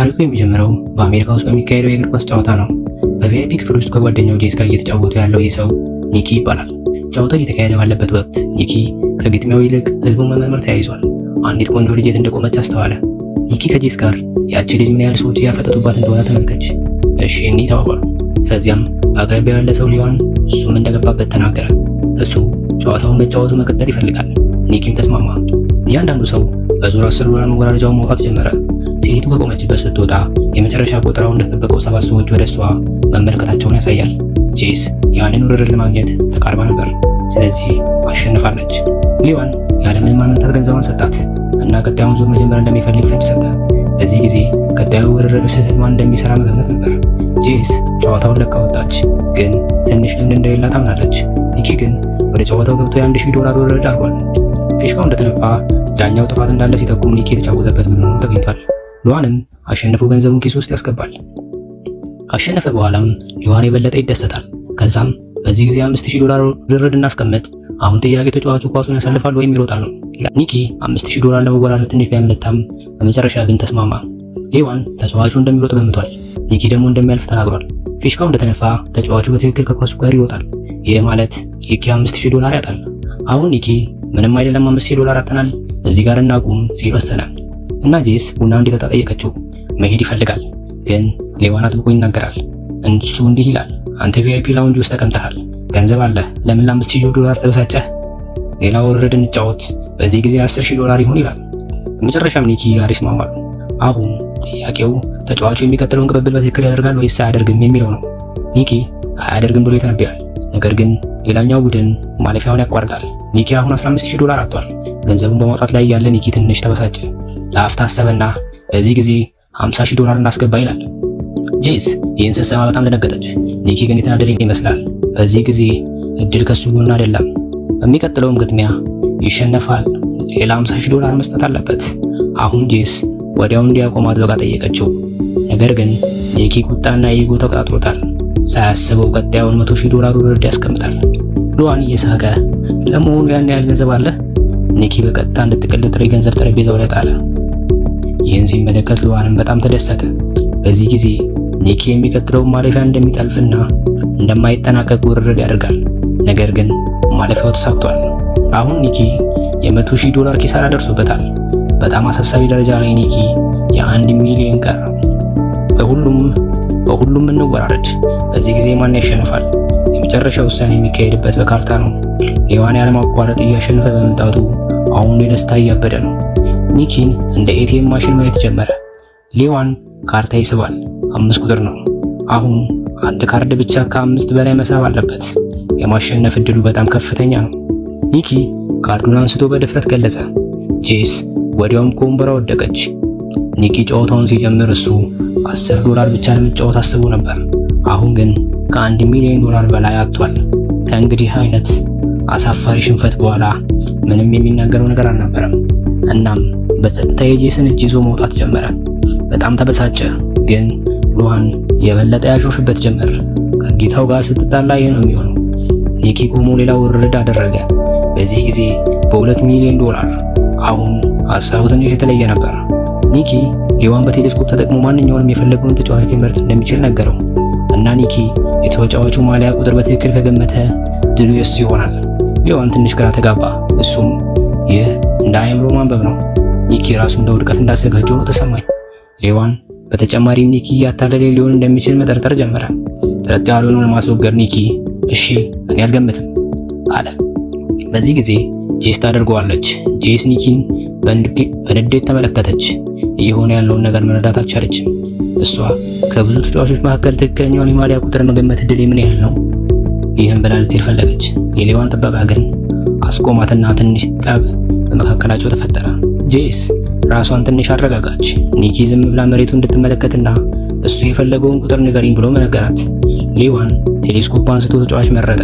ታሪኩ የሚጀምረው በአሜሪካ ውስጥ በሚካሄደው የእግር ኳስ ጨዋታ ነው። በቪአይፒ ክፍል ውስጥ ከጓደኛው ጄስ ጋር እየተጫወቱ ያለው ይህ ሰው ኒኪ ይባላል። ጨዋታው እየተካሄደ ባለበት ወቅት ኒኪ ከግጥሚያው ይልቅ ህዝቡ መመርመር ተያይዟል። አንዲት ቆንጆ ልጅ የት እንደቆመች አስተዋለ። ኒኪ ከጄስ ጋር ያቺ ልጅ ምን ያህል ሰዎች እያፈጠጡባት እንደሆነ ተመልከች። እሺ እኒ ተባባሉ። ከዚያም በአቅራቢያው ያለ ሰው ሊሆን እሱም እንደገባበት ተናገረ። እሱ ጨዋታውን መጫወቱ መቀጠል ይፈልጋል። ኒኪም ተስማማ። እያንዳንዱ ሰው በዙር አስር ዶላር መወራረጃውን መውጣት ጀመረ። ሴት ከቆመችበት ስትወጣ የመጨረሻ ቆጠራው እንደተጠበቀው ሰባት ሰዎች ወደ እሷ መመልከታቸውን ያሳያል። ጄስ ያንን ውርርድ ለማግኘት ተቃርባ ነበር፣ ስለዚህ አሸንፋለች። ሊዋን ያለምንም ማመንታት ገንዘቧን ሰጣት እና ቀጣዩን ዙር መጀመር እንደሚፈልግ ፍንጭ ሰጠ። በዚህ ጊዜ ቀጣዩ ውርርድ ስህተት ማን እንደሚሰራ መገመት ነበር። ጄስ ጨዋታውን ለቃ ወጣች፣ ግን ትንሽ ልምድ እንደሌላ ታምናለች። ኒኪ ግን ወደ ጨዋታው ገብቶ የአንድ ሺህ ዶላር ውርርድ አድርጓል። ፊሽካው እንደተነፋ ዳኛው ጥፋት እንዳለ ሲጠቁም ኒኪ የተጫወተበት ምንሆኑ ተገኝቷል። ሉዋንም አሸንፎ ገንዘቡን ኪስ ውስጥ ያስገባል። ካሸነፈ በኋላም ሉዋን የበለጠ ይደሰታል። ከዛም በዚህ ጊዜ 5000 ዶላር ድርድር እናስቀምጥ፣ አሁን ጥያቄ ተጫዋቹ ኳሱን ያሳልፋል ወይም ይሮጣል ነው ይላል። ኒኪ 5000 ዶላር ለመወራረድ ትንሽ ቢያመለታም በመጨረሻ ግን ተስማማ። ሊዋን ተጫዋቹ እንደሚሮጥ ገምቷል። ኒኪ ደግሞ እንደሚያልፍ ተናግሯል። ፊሽካው እንደተነፋ ተጫዋቹ በትክክል ከኳሱ ጋር ይወጣል። ይህ ማለት ኒኪ 5000 ዶላር ያጣል። አሁን ኒኪ ምንም አይደለም 5000 ዶላር አጥተናል፣ እዚህ ጋር እናቁም ሲል ወሰነ። እና ጄስ ቡና ቡናን ጠየቀችው መሄድ ይፈልጋል፣ ግን ሌዋን አጥብቆ ይናገራል። እንሱ እንዲህ ይላል፣ አንተ ቪአይፒ ላውንጅ ውስጥ ተቀምጠሃል፣ ገንዘብ አለ፣ ለምን ለአምስት ሺህ ዶላር ተበሳጨህ? ሌላ ወረድ እንጫወት፣ በዚህ ጊዜ አስር ሺህ ዶላር ይሆን ይላል። በመጨረሻም ኒኪ ጋር ይስማማሉ። አሁን ጥያቄው ተጫዋቹ የሚቀጥለውን ቅብብል በትክክል ያደርጋል ወይስ አያደርግም የሚለው ነው። ኒኪ አያደርግም ብሎ ይተነብያል። ነገር ግን ሌላኛው ቡድን ማለፊያውን ያቋርጣል። ኒኪ አሁን 15000 ዶላር አጥቷል። ገንዘቡን በማውጣት ላይ ያለ ኒኪ ትንሽ ተበሳጨ። ለአፍታ አሰበና በዚህ ጊዜ 50 ሺህ ዶላር እናስገባ ይላል። ጄስ ይህን ስትሰማ በጣም ደነገጠች። ኒኪ ግን የተናደደ ይመስላል። በዚህ ጊዜ እድል ከሱ ጎን አይደለም። በሚቀጥለውም ግጥሚያ ይሸነፋል። ሌላ 50 ሺህ ዶላር መስጠት አለበት። አሁን ጄስ ወዲያው እንዲያቆም አጥብቃ ጠየቀችው። ነገር ግን ኒኪ ቁጣና ኢጎ ተቆጣጥሮታል። ሳያስበው ቀጣዩን 100 ሺህ ዶላር ወርድ ያስቀምጣል። ሉዋን እየሳቀ ለመሆኑ ያን ያህል ገንዘብ አለ? ኒኪ በቀጥታ እንድትቀልጥ ጥሬ ገንዘብ ጠረጴዛው ላይ ጣለ። ይህን ሲመለከት ሉዋንም በጣም ተደሰተ። በዚህ ጊዜ ኒኪ የሚቀጥለውን ማለፊያ እንደሚጠልፍና እንደማይጠናቀቅ ውርርድ ያደርጋል። ነገር ግን ማለፊያው ተሳክቷል። አሁን ኒኪ የመቶ ሺህ ዶላር ኪሳራ ደርሶበታል። በጣም አሳሳቢ ደረጃ ላይ ኒኪ የአንድ ሚሊዮን ቀር በሁሉም በሁሉም እንወራረድ። በዚህ ጊዜ ማን ያሸንፋል? የመጨረሻ ውሳኔ የሚካሄድበት በካርታ ነው። ሌዋን ያለማቋረጥ እያሸነፈ በመምጣቱ አሁን የደስታ እያበደ ነው። ኒኪን እንደ ኤቲኤም ማሽን ማየት ጀመረ። ሊዋን ካርታ ይስባል። አምስት ቁጥር ነው። አሁን አንድ ካርድ ብቻ ከአምስት በላይ መሳብ አለበት። የማሸነፍ እድሉ በጣም ከፍተኛ ነው። ኒኪ ካርዱን አንስቶ በድፍረት ገለጸ። ጄስ ወዲያውም ከወንበሯ ወደቀች። ኒኪ ጨዋታውን ሲጀምር እሱ አስር ዶላር ብቻ ለመጫወት አስቦ ነበር። አሁን ግን ከአንድ ሚሊዮን ዶላር በላይ አጥቷል። ከእንግዲህ አይነት አሳፋሪ ሽንፈት በኋላ ምንም የሚናገረው ነገር አልነበረም። እናም በጸጥታ የጄስን እጅ ይዞ መውጣት ጀመረ። በጣም ተበሳጨ፣ ግን ሉሃን የበለጠ ያሾፍበት ጀመር። ከጌታው ጋር ስትጣላ ይህ ነው የሚሆነው። ኒኪ ቆሞ ሌላ ውርድ አደረገ። በዚህ ጊዜ በሁለት ሚሊዮን ዶላር። አሁን ሀሳቡ ትንሽ የተለየ ነበር። ኒኪ ሌዋን በቴሌስኮፕ ተጠቅሞ ማንኛውንም የፈለገውን ተጫዋች ሊመርጥ እንደሚችል ነገረው እና ኒኪ የተጫዋቹ ማሊያ ቁጥር በትክክል ከገመተ ድሉ የሱ ይሆናል። ሌዋን ትንሽ ግራ ተጋባ። እሱም ይህ እንደ አእምሮ ማንበብ ነው ኒኪ እንደ ውድቀት እንዳዘጋጀው ነው ተሰማኝ። ሌዋን በተጨማሪም ኒኪ እያታለለ ሊሆን እንደሚችል መጠርጠር ጀመረ። ጥርጥ ያለውን ለማስወገድ ኒኪ እሺ እኔ አልገምትም አለ። በዚህ ጊዜ ጄስ ታደርገዋለች። ጄስ ኒኪን በንዴት ተመለከተች። እየሆነ ያለውን ነገር መረዳት አልቻለችም። እሷ ከብዙ ተጫዋቾች መካከል ትክክለኛውን የማሊያ ቁጥር መገመት እድል ምን ያህል ነው? ይህን ብላ ልትል ፈለገች። የሌዋን ጥበቃ ግን አስቆማትና ትንሽ ጠብ በመካከላቸው ተፈጠረ። ጄስ ራሷን ትንሽ አረጋጋች። ኒኪ ዝም ብላ መሬቱ እንድትመለከትና እሱ የፈለገውን ቁጥር ንገሪኝ ብሎ መነገራት። ሊዋን ቴሌስኮፕ አንስቶ ተጫዋች መረጠ።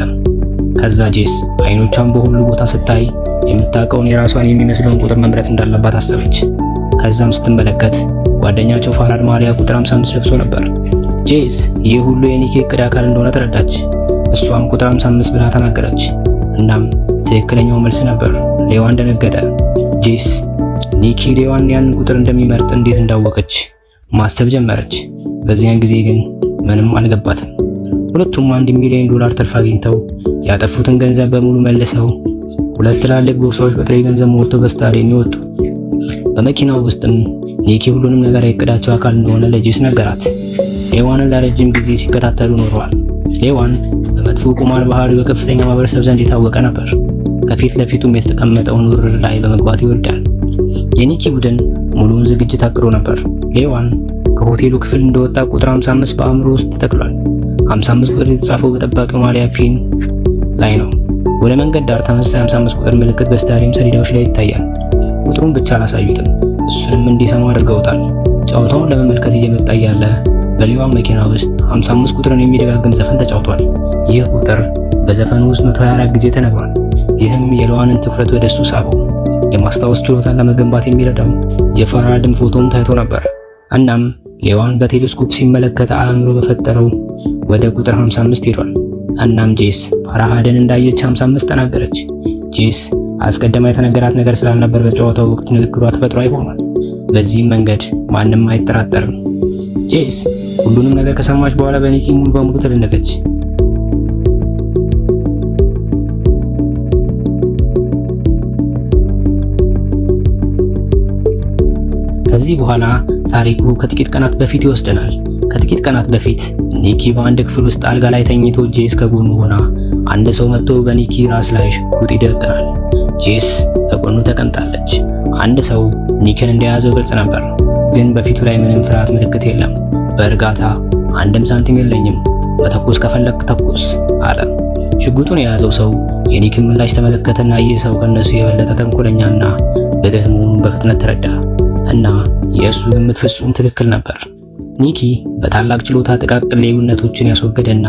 ከዛ ጄስ አይኖቿን በሁሉ ቦታ ስታይ የምታውቀውን የራሷን የሚመስለውን ቁጥር መምረጥ እንዳለባት አሰበች። ከዛም ስትመለከት ጓደኛቸው ፋራድ ማሊያ ቁጥር 55 ለብሶ ነበር። ጄስ ይህ ሁሉ የኒኪ እቅድ አካል እንደሆነ ተረዳች። እሷም ቁጥር 55 ብላ ተናገረች። እናም ትክክለኛው መልስ ነበር። ሌዋ እንደነገጠ። ጄስ ኒኪ ሌዋን ያንን ቁጥር እንደሚመርጥ እንዴት እንዳወቀች ማሰብ ጀመረች። በዚያን ጊዜ ግን ምንም አልገባትም። ሁለቱም አንድ ሚሊዮን ዶላር ትርፍ አግኝተው ያጠፉትን ገንዘብ በሙሉ መልሰው ሁለት ትላልቅ ቦርሳዎች በጥሬ ገንዘብ ሞልተው በስታዲየም ይወጡ። በመኪናው ውስጥም ኒኪ ሁሉንም ነገር የቅዳቸው አካል እንደሆነ ለጄስ ነገራት። ሌዋንን ለረጅም ጊዜ ሲከታተሉ ኖረዋል። ሌዋን በመጥፎ ቁማር ባህሪው በከፍተኛ ማህበረሰብ ዘንድ የታወቀ ነበር። ከፊት ለፊቱም የተቀመጠውን ውርድ ላይ በመግባት ይወዳል። የኒኪ ቡድን ሙሉውን ዝግጅት አቅዶ ነበር። ሌዋን ከሆቴሉ ክፍል እንደወጣ ቁጥር 55 በአእምሮ ውስጥ ተተክሏል። 55 ቁጥር የተጻፈው በጠባቂው ማሊያ ፊን ላይ ነው። ወደ መንገድ ዳር ተመሳሳይ 55 ቁጥር ምልክት በስታዲየም ሰሌዳዎች ላይ ይታያል። ቁጥሩን ብቻ አላሳዩትም፣ እሱንም እንዲሰማ አድርገውታል። ጨዋታውን ለመመልከት እየመጣ ያለ በሊዋን መኪና ውስጥ 55 ቁጥርን የሚደጋግም ዘፈን ተጫውቷል። ይህ ቁጥር በዘፈኑ ውስጥ 124 ጊዜ ተነግሯል። ይህም የሊዋንን ትኩረት ወደ እሱ ሳበው። የማስታወስ ችሎታን ለመገንባት የሚረዳው የፋራድም ፎቶም ታይቶ ነበር። እናም ሌዋን በቴሌስኮፕ ሲመለከት አእምሮ በፈጠረው ወደ ቁጥር 55 ሄዷል። እናም ጄስ ፋራሃድን እንዳየች 55 ተናገረች። ጄስ አስቀድማ የተነገራት ነገር ስላልነበር በጨዋታው ወቅት ንግግሯ ተፈጥሯዊ ሆኗል። በዚህም መንገድ ማንም አይጠራጠርም። ጄስ ሁሉንም ነገር ከሰማች በኋላ በኒኪ ሙሉ በሙሉ ተደነቀች። ከዚህ በኋላ ታሪኩ ከጥቂት ቀናት በፊት ይወስደናል። ከጥቂት ቀናት በፊት ኒኪ በአንድ ክፍል ውስጥ አልጋ ላይ ተኝቶ ጄስ ከጎኑ ሆና አንድ ሰው መጥቶ በኒኪ ራስ ላይ ሽጉጥ ይደቅናል። ጄስ ከጎኑ ተቀምጣለች። አንድ ሰው ኒክን እንደያዘው ግልጽ ነበር፣ ግን በፊቱ ላይ ምንም ፍርሃት ምልክት የለም። በእርጋታ አንድም ሳንቲም የለኝም፣ በተኩስ ከፈለክ ተኩስ አለ። ሽጉጡን የያዘው ሰው የኒክን ምላሽ ተመለከተና ይህ ሰው ከነሱ የበለጠ ተንኮለኛና ብልህ መሆኑን በፍጥነት ተረዳ። እና የእሱ ግምት ፍጹም ትክክል ነበር። ኒኪ በታላቅ ችሎታ ጥቃቅን ልዩነቶችን ያስወገደና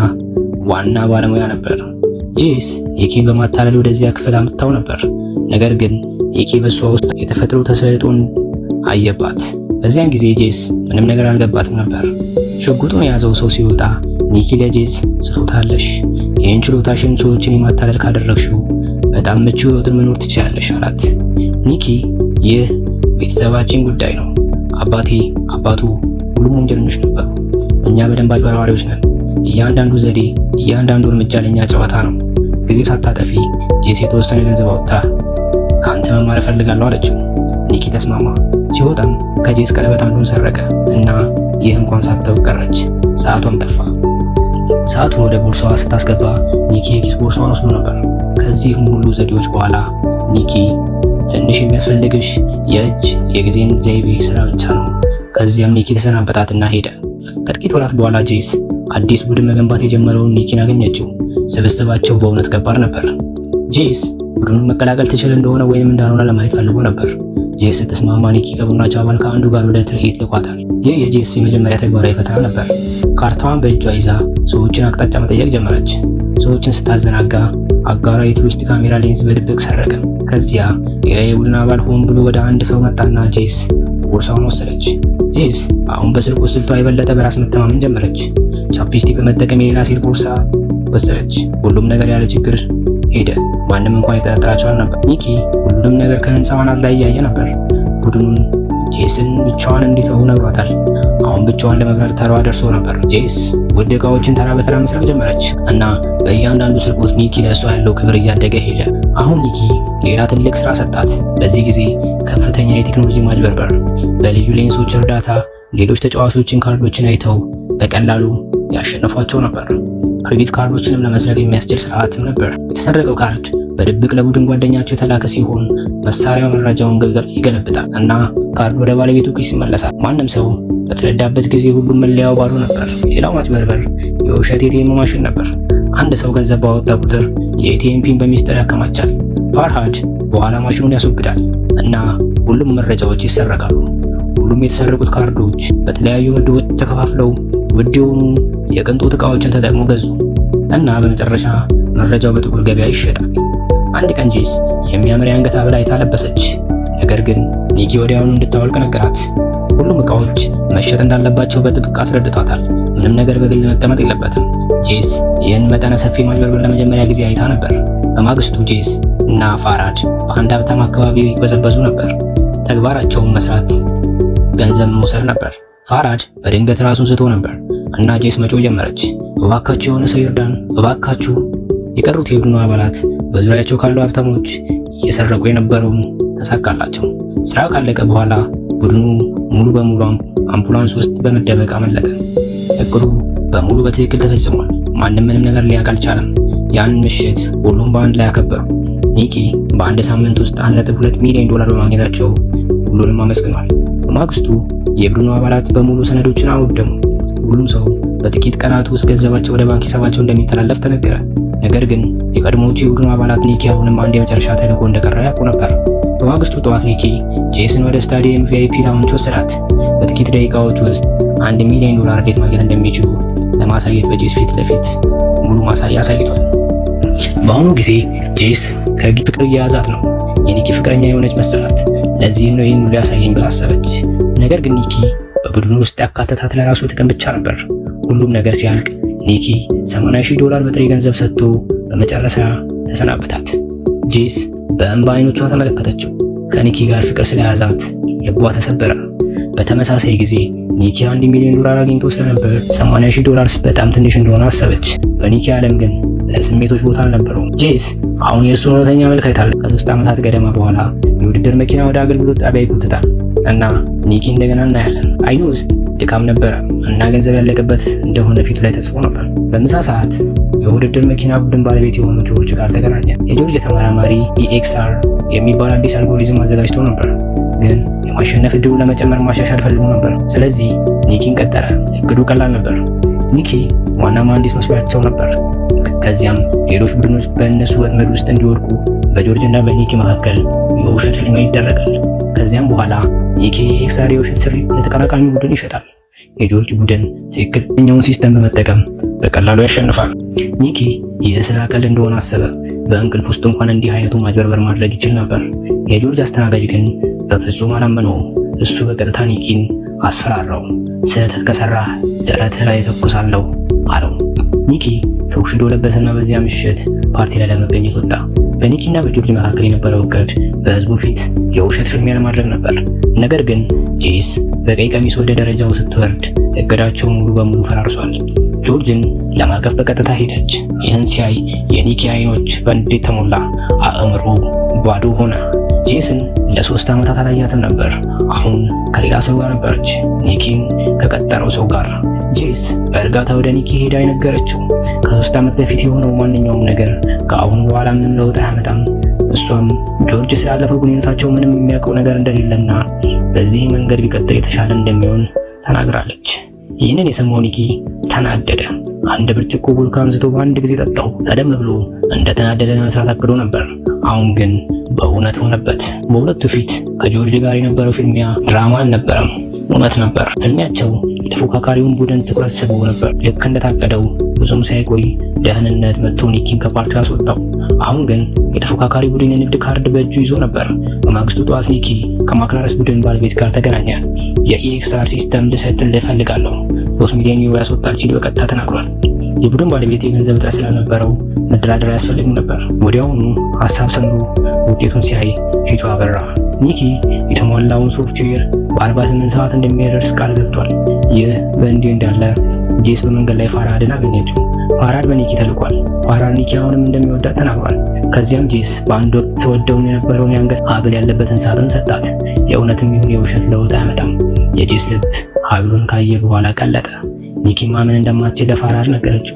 ዋና ባለሙያ ነበር። ጄስ ኒኪ በማታለል ወደዚያ ክፍል አምጥታው ነበር። ነገር ግን ኒኪ በእሷ ውስጥ የተፈጥሮ ተሰጥኦን አየባት። በዚያን ጊዜ ጄስ ምንም ነገር አልገባትም ነበር። ሽጉጡን የያዘው ሰው ሲወጣ ኒኪ ለጄስ ስጦታ አለሽ፣ ይህን ችሎታሽን ሰዎችን የማታለል ካደረግሽው በጣም ምቹ ሕይወትን መኖር ትችላለሽ አላት። ኒኪ ይህ ቤተሰባችን ጉዳይ ነው። አባቴ አባቱ ሁሉም ወንጀለኞች ነበሩ። እኛ በደንብ አጭበርባሪዎች ነን። እያንዳንዱ ዘዴ፣ እያንዳንዱ እርምጃ ለእኛ ጨዋታ ነው። ጊዜ ሳታጠፊ ጄሲ የተወሰነ ገንዘብ አወጣ። ከአንተ መማር እፈልጋለሁ አለችው። ኒኪ ተስማማ። ሲወጣም ከጄስ ቀለበት አንዱን ሰረቀ እና ይህ እንኳን ሳታውቅ ቀረች። ሰዓቷም ጠፋ። ሰዓቱን ወደ ቦርሳዋ ስታስገባ ኒኪ የኪስ ቦርሳዋን ወስዶ ነበር። ከዚህም ሁሉ ዘዴዎች በኋላ ኒኪ ትንሽ የሚያስፈልግሽ የእጅ የጊዜን ዘይቤ ስራ ብቻ ነው። ከዚያም ኒኪ ተሰናበታትና ሄደ። ከጥቂት ወራት በኋላ ጄስ አዲስ ቡድን መገንባት የጀመረውን ኒኪን አገኘችው። ስብስባቸው በእውነት ከባድ ነበር። ጄስ ቡድኑን መቀላቀል ትችል እንደሆነ ወይም እንዳልሆነ ለማየት ፈልጎ ነበር። ጄስ ስትስማማ ኒኪ ከቡድናቸው አባል ከአንዱ ጋር ወደ ትርኢት ልኳታል። ይህ የጄስ የመጀመሪያ ተግባራዊ ፈተና ነበር። ካርታዋን በእጇ ይዛ ሰዎችን አቅጣጫ መጠየቅ ጀመረች። ሰዎችን ስታዘናጋ አጋሯ የቱሪስት ካሜራ ሌንስ በድብቅ ሰረቀ። ከዚያ ሌላ የቡድን አባል ሆን ብሎ ወደ አንድ ሰው መጣና ጄስ ቦርሳውን ወሰደች። ጄስ አሁን በስልክ ስልቷ የበለጠ በራስ መተማመን ጀመረች። ቻፕስቲክ በመጠቀም የሌላ ሴት ቦርሳ ወሰደች። ሁሉም ነገር ያለ ችግር ሄደ። ማንም እንኳን የጠረጠራቸው አልነበር። ኒኪ ሁሉም ነገር ከህንፃው አናት ላይ እያየ ነበር። ቡድኑን ጄስን ብቻዋን እንዲተው ነግሯታል። አሁን ብቻዋን ለመብረር ተሯ ደርሶ ነበር። ጄስ ውድ እቃዎችን ተራ በተራ መስራት ጀመረች እና በእያንዳንዱ ስርቆት ኒኪ ለእሷ ያለው ክብር እያደገ ሄደ። አሁን ኒኪ ሌላ ትልቅ ስራ ሰጣት። በዚህ ጊዜ ከፍተኛ የቴክኖሎጂ ማጭበርበር በልዩ ሌንሶች እርዳታ ሌሎች ተጫዋቾችን ካርዶችን አይተው በቀላሉ ያሸነፏቸው ነበር። ክሬዲት ካርዶችንም ለመስረቅ የሚያስችል ስርዓትም ነበር። የተሰረቀው ካርድ በድብቅ ለቡድን ጓደኛቸው የተላከ ሲሆን መሳሪያው መረጃውን ይገለብጣል እና ካርድ ወደ ባለቤቱ ኪስ ይመለሳል። ማንም ሰው በተረዳበት ጊዜ ሁሉም መለያው ባዶ ነበር። ሌላው ማጭበርበር የውሸት ኤቲኤም ማሽን ነበር። አንድ ሰው ገንዘብ ባወጣ ቁጥር የኤቲኤም ፒን በሚስጥር ያከማቻል። ፋርሃድ በኋላ ማሽኑን ያስወግዳል እና ሁሉም መረጃዎች ይሰረቃሉ። ሁሉም የተሰረቁት ካርዶች በተለያዩ ምድቦች ተከፋፍለው ውድ የሆኑ የቅንጦት እቃዎችን ተጠቅሞ ገዙ እና በመጨረሻ መረጃው በጥቁር ገበያ ይሸጣል። አንድ ቀን ጄስ የሚያምር የአንገት ሐብል አይታ ለበሰች። ነገር ግን ኒኪ ወዲያውኑ እንድታወልቅ ነገራት። ሁሉም እቃዎች መሸጥ እንዳለባቸው በጥብቅ አስረድቷታል። ምንም ነገር በግል መቀመጥ የለበትም። ጄስ ይህን መጠነ ሰፊ ማጭበርበር ለመጀመሪያ ጊዜ አይታ ነበር። በማግስቱ ጄስ እና ፋራድ በአንድ ሀብታም አካባቢ ይበዘበዙ ነበር። ተግባራቸውን መስራት፣ ገንዘብ መውሰድ ነበር። ፋራድ በድንገት ራሱን ስቶ ነበር እና ጄስ መጮ ጀመረች። እባካችሁ የሆነ ሰው ይርዳን፣ እባካችሁ። የቀሩት የቡድኑ አባላት በዙሪያቸው ካሉ ሀብታሞች እየሰረቁ የነበረውን ተሳካላቸው። ስራው ካለቀ በኋላ ቡድኑ ሙሉ በሙሉ አምቡላንስ ውስጥ በመደበቅ አመለጠ። እቅዱ በሙሉ በትክክል ተፈጽሟል። ማንም ምንም ነገር ሊያውቅ አልቻለም። ያን ምሽት ሁሉም በአንድ ላይ አከበሩ። ኒኪ በአንድ ሳምንት ውስጥ 1.2 ሚሊዮን ዶላር በማግኘታቸው ሁሉንም አመስግኗል። በማግስቱ የቡድኑ አባላት በሙሉ ሰነዶችን አወደሙ። ሁሉም ሰው በጥቂት ቀናት ውስጥ ገንዘባቸው ወደ ባንክ ሂሳባቸው እንደሚተላለፍ ተነገረ። ነገር ግን የቀድሞዎቹ የቡድኑ አባላት ኒኪ አሁንም አንድ የመጨረሻ ተልዕኮ እንደቀረ ያውቁ ነበር። በማግስቱ ጠዋት ኒኪ ጄስን ወደ ስታዲየም ቪአይፒ ላውንች ወሰዳት። በጥቂት ደቂቃዎች ውስጥ አንድ ሚሊዮን ዶላር እንዴት ማግኘት እንደሚችሉ ለማሳየት በጄስ ፊት ለፊት ሙሉ ማሳያ አሳይቷል። በአሁኑ ጊዜ ጄስ ከጊ ፍቅር እየያዛት ነው። የኒኪ ፍቅረኛ የሆነች መሰላት። ለዚህም ነው ይህን ሁሉ ያሳየኝ ብላ አሰበች። ነገር ግን ኒኪ በቡድኑ ውስጥ ያካተታት ለራሱ ጥቅም ብቻ ነበር። ሁሉም ነገር ሲያልቅ ኒኪ 80,000 ዶላር በጥሬ ገንዘብ ሰጥቶ በመጨረሻ ተሰናበታት። ጄስ በእንባ አይኖቿ ተመለከተችው። ከኒኪ ጋር ፍቅር ስለያዛት ልቧ ተሰበረ። በተመሳሳይ ጊዜ ኒኪ አንድ ሚሊዮን ዶላር አግኝቶ ስለነበር 80,000 ዶላርስ በጣም ትንሽ እንደሆነ አሰበች። በኒኪ ዓለም ግን ለስሜቶች ቦታ አልነበረውም። ጄስ አሁን የእሱን እውነተኛ መልክ አይታለች። ከሶስት ዓመታት ገደማ በኋላ የውድድር መኪና ወደ አገልግሎት ጣቢያ ይጎትታል እና ኒኪ እንደገና እናያለን አይኑ ውስጥ ድካም ነበረ እና ገንዘብ ያለቀበት እንደሆነ ፊቱ ላይ ተጽፎ ነበር። በምሳ ሰዓት የውድድር መኪና ቡድን ባለቤት የሆኑ ጆርጅ ጋር ተገናኘ። የጆርጅ ተመራማሪ ኢኤክስአር የሚባል አዲስ አልጎሪዝም አዘጋጅቶ ነበር፣ ግን የማሸነፍ እድሉን ለመጨመር ማሻሻል ፈልጎ ነበር። ስለዚህ ኒኪን ቀጠረ። እቅዱ ቀላል ነበር። ኒኪ ዋና መሐንዲስ መስሏቸው ነበር። ከዚያም ሌሎች ቡድኖች በእነሱ ወጥመድ ውስጥ እንዲወድቁ በጆርጅ እና በኒኪ መካከል የውሸት ፊልም ይደረጋል። ከዚያም በኋላ ኒኪ የኤክሳሪ የውሸት ስሪት ለተቀናቃኙ ቡድን ይሸጣል። የጆርጅ ቡድን ትክክለኛውን ሲስተም በመጠቀም በቀላሉ ያሸንፋል። ኒኪ የስራ ስራ እንደሆነ አሰበ። በእንቅልፍ ውስጥ እንኳን እንዲህ አይነቱ ማጭበርበር ማድረግ ይችል ነበር። የጆርጅ አስተናጋጅ ግን በፍጹም አላመነውም። እሱ በቀጥታ ኒኪን አስፈራራው። ስህተት ከሰራ ደረትህ ላይ ተኩሳለሁ አለው። ኒኪ ሾክሽዶ ለበሰና በዚያ ምሽት ፓርቲ ላይ ለመገኘት ወጣ። በኒኪና በጆርጅ መካከል የነበረው እቅድ በህዝቡ ፊት የውሸት ፍልሚያ ለማድረግ ነበር። ነገር ግን ጄስ በቀይ ቀሚስ ወደ ደረጃው ስትወርድ እቅዳቸው ሙሉ በሙሉ ፈራርሷል። ጆርጅን ለማቀፍ በቀጥታ ሄደች። ይህን ሲያይ የኒኪ አይኖች በንዴት ተሞላ፣ አእምሮ ባዶ ሆነ። ጄስን ለሶስት ዓመታት አላያትም ነበር። አሁን ከሌላ ሰው ጋር ነበረች፣ ኒኪን ከቀጠረው ሰው ጋር። ጄስ በእርጋታ ወደ ኒኪ ሄዳ የነገረችው ከሶስት ዓመት በፊት የሆነው ማንኛውም ነገር ከአሁን በኋላ ምንም ለውጥ አያመጣም። እሷም ጆርጅ ስላለፈው ግንኙነታቸው ምንም የሚያውቀው ነገር እንደሌለና በዚህ መንገድ ቢቀጥል የተሻለ እንደሚሆን ተናግራለች። ይህንን የሰማው ኒኪ ተናደደ። አንድ ብርጭቆ ቡልካ አንስቶ በአንድ ጊዜ ጠጣው። ቀደም ብሎ እንደተናደደ ለመስራት አቅዶ ነበር። አሁን ግን በእውነት ሆነበት። በሁለቱ ፊት ከጆርጅ ጋር የነበረው ፊልሚያ ድራማ አልነበረም፣ እውነት ነበር። ፊልሚያቸው የተፎካካሪውን ቡድን ትኩረት ስበው ነበር። ልክ እንደታቀደው ብዙም ሳይቆይ ደህንነት መጥቶ ኒኪን ከፓርቲው አስወጣው። አሁን ግን የተፎካካሪ ቡድን የንግድ ካርድ በእጁ ይዞ ነበር። በማግስቱ ጠዋት ኒኪ ከማክላረስ ቡድን ባለቤት ጋር ተገናኘ። የኢኤክስአር ሲስተም ልሰጥልህ እፈልጋለሁ ሶስት ሚሊዮን ዩሮ ያስወጣል ሲል በቀጥታ ተናግሯል። የቡድን ባለቤት የገንዘብ እጥረት ስለነበረው መደራደር አያስፈልግም ነበር። ወዲያውኑ ሀሳብ ሰምሮ ውጤቱን ሲያይ ፊቱ አበራ። ኒኪ የተሟላውን ሶፍትዌር በ48 ሰዓት እንደሚያደርስ ቃል ገብቷል። ይህ በእንዲህ እንዳለ ጄስ በመንገድ ላይ ፋራድን አገኘችው። ፋራድ በኒኪ ተልኳል። ፋራድ ኒኪ አሁንም እንደሚወዳት ተናግሯል። ከዚያም ጄስ በአንድ ወቅት ተወደውን የነበረውን የአንገት ሀብል ያለበትን ሳጥን ሰጣት። የእውነትም ይሁን የውሸት ለውጥ አያመጣም። የጄስ ልብ ሀብሉን ካየ በኋላ ቀለጠ። ኒኪ ማመን እንደማትችል ለፋራጅ ነገረችው።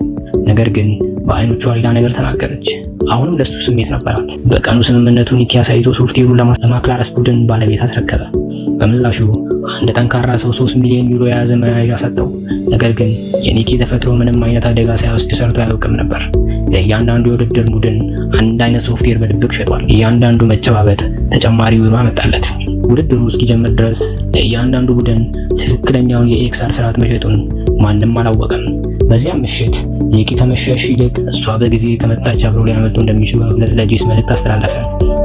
ነገር ግን በአይኖቿ ሌላ ነገር ተናገረች። አሁንም ለሱ ስሜት ነበራት። በቀኑ ስምምነቱ ኒኪ አሳይቶ ሶፍትዌሩን ለማክላረስ ቡድን ባለቤት አስረከበ። በምላሹ አንድ ጠንካራ ሰው 3 ሚሊዮን ዩሮ የያዘ መያዣ ሰጠው። ነገር ግን የኒኪ ተፈጥሮ ምንም አይነት አደጋ ሳይወስድ ሰርቶ አያውቅም ነበር። ለእያንዳንዱ የውድድር ቡድን አንድ አይነት ሶፍትዌር በድብቅ ሸጧል። እያንዳንዱ መጨባበጥ ተጨማሪ ውብ አመጣለት። ውድድሩ እስኪጀምር ድረስ ለእያንዳንዱ ቡድን ትክክለኛውን የኤክስአር ስርዓት መሸጡን ማንም አላወቀም። በዚያም ምሽት ኒኪ ከመሸሽ ይልቅ እሷ በጊዜ ከመጣች አብሮ ሊያመልጡ እንደሚችሉ በመግለጽ ለጄስ መልእክት አስተላለፈ።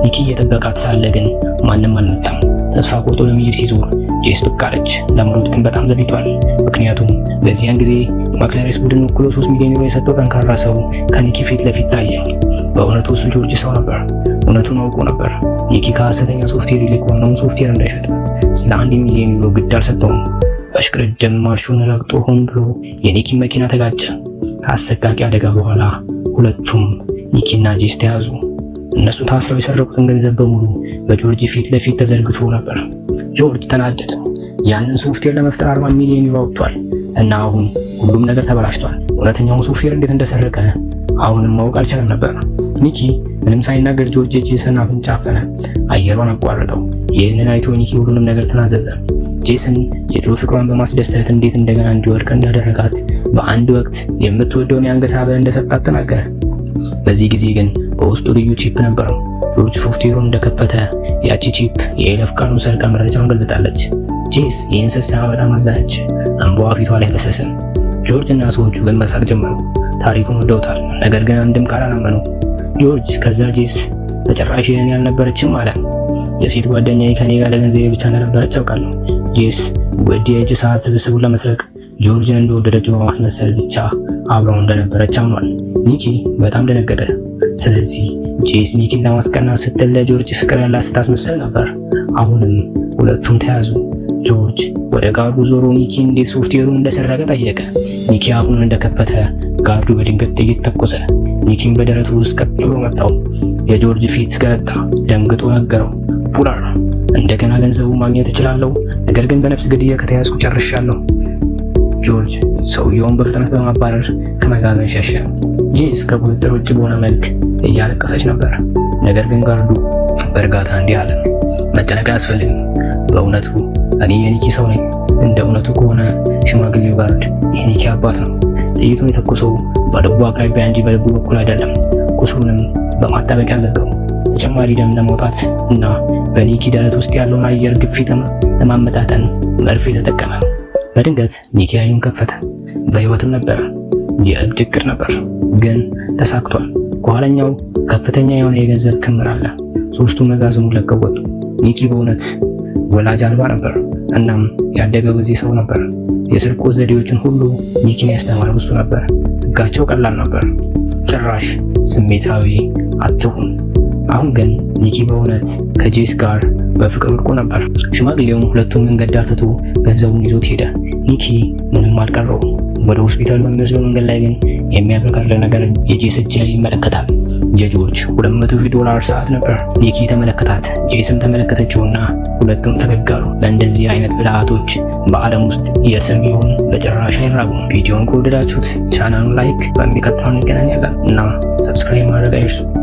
ኒኪ እየጠበቃት ሳለ ግን ማንም አልመጣም። ተስፋ ቆርጦ ለመሄድ ሲዞር ጄስ ብቅ አለች። ለመሮጥ ግን በጣም ዘግይቷል። ምክንያቱም በዚያን ጊዜ ማክላሪስ ቡድን ወክሎ 3 ሚሊዮን ዩሮ የሰጠው ጠንካራ ሰው ከኒኪ ፊት ለፊት ታየ በእውነቱ እሱ ጆርጅ ሰው ነበር። እውነቱን አውቆ ነበር። ኒኪ ከሐሰተኛ ሶፍትዌር ይልቅ ዋናውን ሶፍትዌር እንዳይሸጥ ስለ አንድ ሚሊዮን ዩሮ ግድ አልሰጠውም። በሽቅድድም ማርሹን ረግጦ ሆን ብሎ የኒኪን መኪና ተጋጨ። ከአሰቃቂ አደጋ በኋላ ሁለቱም ኒኪና ጄስ ተያዙ። እነሱ ታስረው የሰረቁትን ገንዘብ በሙሉ በጆርጅ ፊት ለፊት ተዘርግቶ ነበር። ጆርጅ ተናደደ። ያንን ሶፍትዌር ለመፍጠር 40 ሚሊዮን ይዋውቷል እና አሁን ሁሉም ነገር ተበላሽቷል። እውነተኛውን ሶፍትዌር እንዴት እንደሰረቀ አሁንም ማወቅ አልቻለም ነበር። ኒኪ ምንም ሳይናገር ጆርጅ ጄሰን አፍንጫ አፈነ፣ አየሯን አቋረጠው። ይህንን አይቶ ኒኪ ሁሉንም ነገር ተናዘዘ። ጄሰን የድሮ ፍቅሯን በማስደሰት እንዴት እንደገና እንዲወድቅ እንዳደረጋት፣ በአንድ ወቅት የምትወደውን የአንገት ሐብል እንደሰጣት ተናገረ። በዚህ ጊዜ ግን በውስጡ ልዩ ቺፕ ነበረው። ጆርጅ ሶፍትዌሩን እንደከፈተ ያቺ ቺፕ የይለፍ ቃሉን ሰርቃ መረጃውን ገልብጣለች። ጄስ ይህን ስሰማ በጣም አዘነች። እንባዋ ፊቷ ላይ ፈሰሰ። ጆርጅ እና ሰዎቹ ግን መሳቅ ጀመሩ። ታሪኩን ወደውታል፣ ነገር ግን አንድም ቃል አላመኑ። ጆርጅ ከዛ ጄስ በጭራሽ ይህን ያልነበረችም አለ። የሴት ጓደኛዬ ከኔ ጋር ለገንዘቤ ብቻ እንደነበረች አውቃለሁ። ጄስ ወዲ የእጅ ሰዓት ስብስቡን ለመስረቅ ጆርጅን እንደወደደችው በማስመሰል ብቻ አብረው እንደነበረች አምኗል። ኒኪ በጣም ደነገጠ። ስለዚህ ጄስ ኒኪን ለማስቀናት ስትል ለጆርጅ ፍቅር ያላት ስታስመስል ነበር። አሁንም ሁለቱም ተያዙ። ጆርጅ ወደ ጋርዱ ዞሮ ኒኪ እንዴት ሶፍትዌሩን እንደሰረቀ ጠየቀ። ኒኪ አፉን እንደከፈተ ጋርዱ በድንገት ጥይት ተኮሰ። ኒኪን በደረቱ ውስጥ ቀጥሎ መታው። የጆርጅ ፊት ገረጣ። ደንግጦ ነገረው፣ ፑላር እንደገና ገንዘቡ ማግኘት እችላለሁ፣ ነገር ግን በነፍስ ግድያ ከተያዝኩ ጨርሻለሁ። ጆርጅ ሰውየውን በፍጥነት በማባረር ከመጋዘን ሸሸ። ጄስ ከቁጥጥር ውጭ በሆነ መልክ እያለቀሰች ነበር። ነገር ግን ጋርዱ በእርጋታ እንዲህ አለ፣ መጨነቅ አያስፈልግም በእውነቱ እኔ የኒኪ ሰው ነኝ። እንደ እውነቱ ከሆነ ሽማግሌው ጋርድ የኒኪ አባት ነው። ጥይቱን የተኮሰው በልቡ አቅራቢያ እንጂ በልቡ በኩል አይደለም። ቁስሉንም በማጣበቂያ ዘጋው። ተጨማሪ ደም ለማውጣት እና በኒኪ ደረት ውስጥ ያለውን አየር ግፊትም ለማመጣጠን መርፌ ተጠቀመ። በድንገት ኒኪ አይኑን ከፈተ። በህይወትም ነበር። የእብድ እቅድ ነበር፣ ግን ተሳክቷል። ከኋለኛው ከፍተኛ የሆነ የገንዘብ ክምር አለ። ሶስቱ መጋዘኑ ለቀው ወጡ። ኒኪ በእውነት ወላጅ አልባ ነበር። እናም ያደገው በዚህ ሰው ነበር። የስርቆት ዘዴዎችን ሁሉ ኒኪን ያስተማረው እሱ ነበር። ህጋቸው ቀላል ነበር። ጭራሽ ስሜታዊ አትሁን። አሁን ግን ኒኪ በእውነት ከጄስ ጋር በፍቅር ወድቆ ነበር። ሽማግሌውም ሁለቱን መንገድ ዳር ትቶ ገንዘቡን ይዞት ሄደ። ኒኪ ምንም አልቀረው። ወደ ሆስፒታሉ በሚወስደው መንገድ ላይ ግን የሚያብረቀርቅ ነገር የጄስ እጅ ላይ ይመለከታል። የጆርጅ 200,000 ዶላር ሰዓት ነበር። ኒኪ ተመለከታት፣ ጄሰን ተመለከተችውና ሁለቱም ፈገግ አሉ። በእንደዚህ አይነት ብልሃቶች በዓለም ውስጥ የስም ይሁን በጭራሽ አይራቡም። ቪዲዮውን ከወደዳችሁት ቻናሉን ላይክ፣ በሚቀጥለው እንገናኛለን እና ሰብስክራይብ ማድረግ አይርሱ።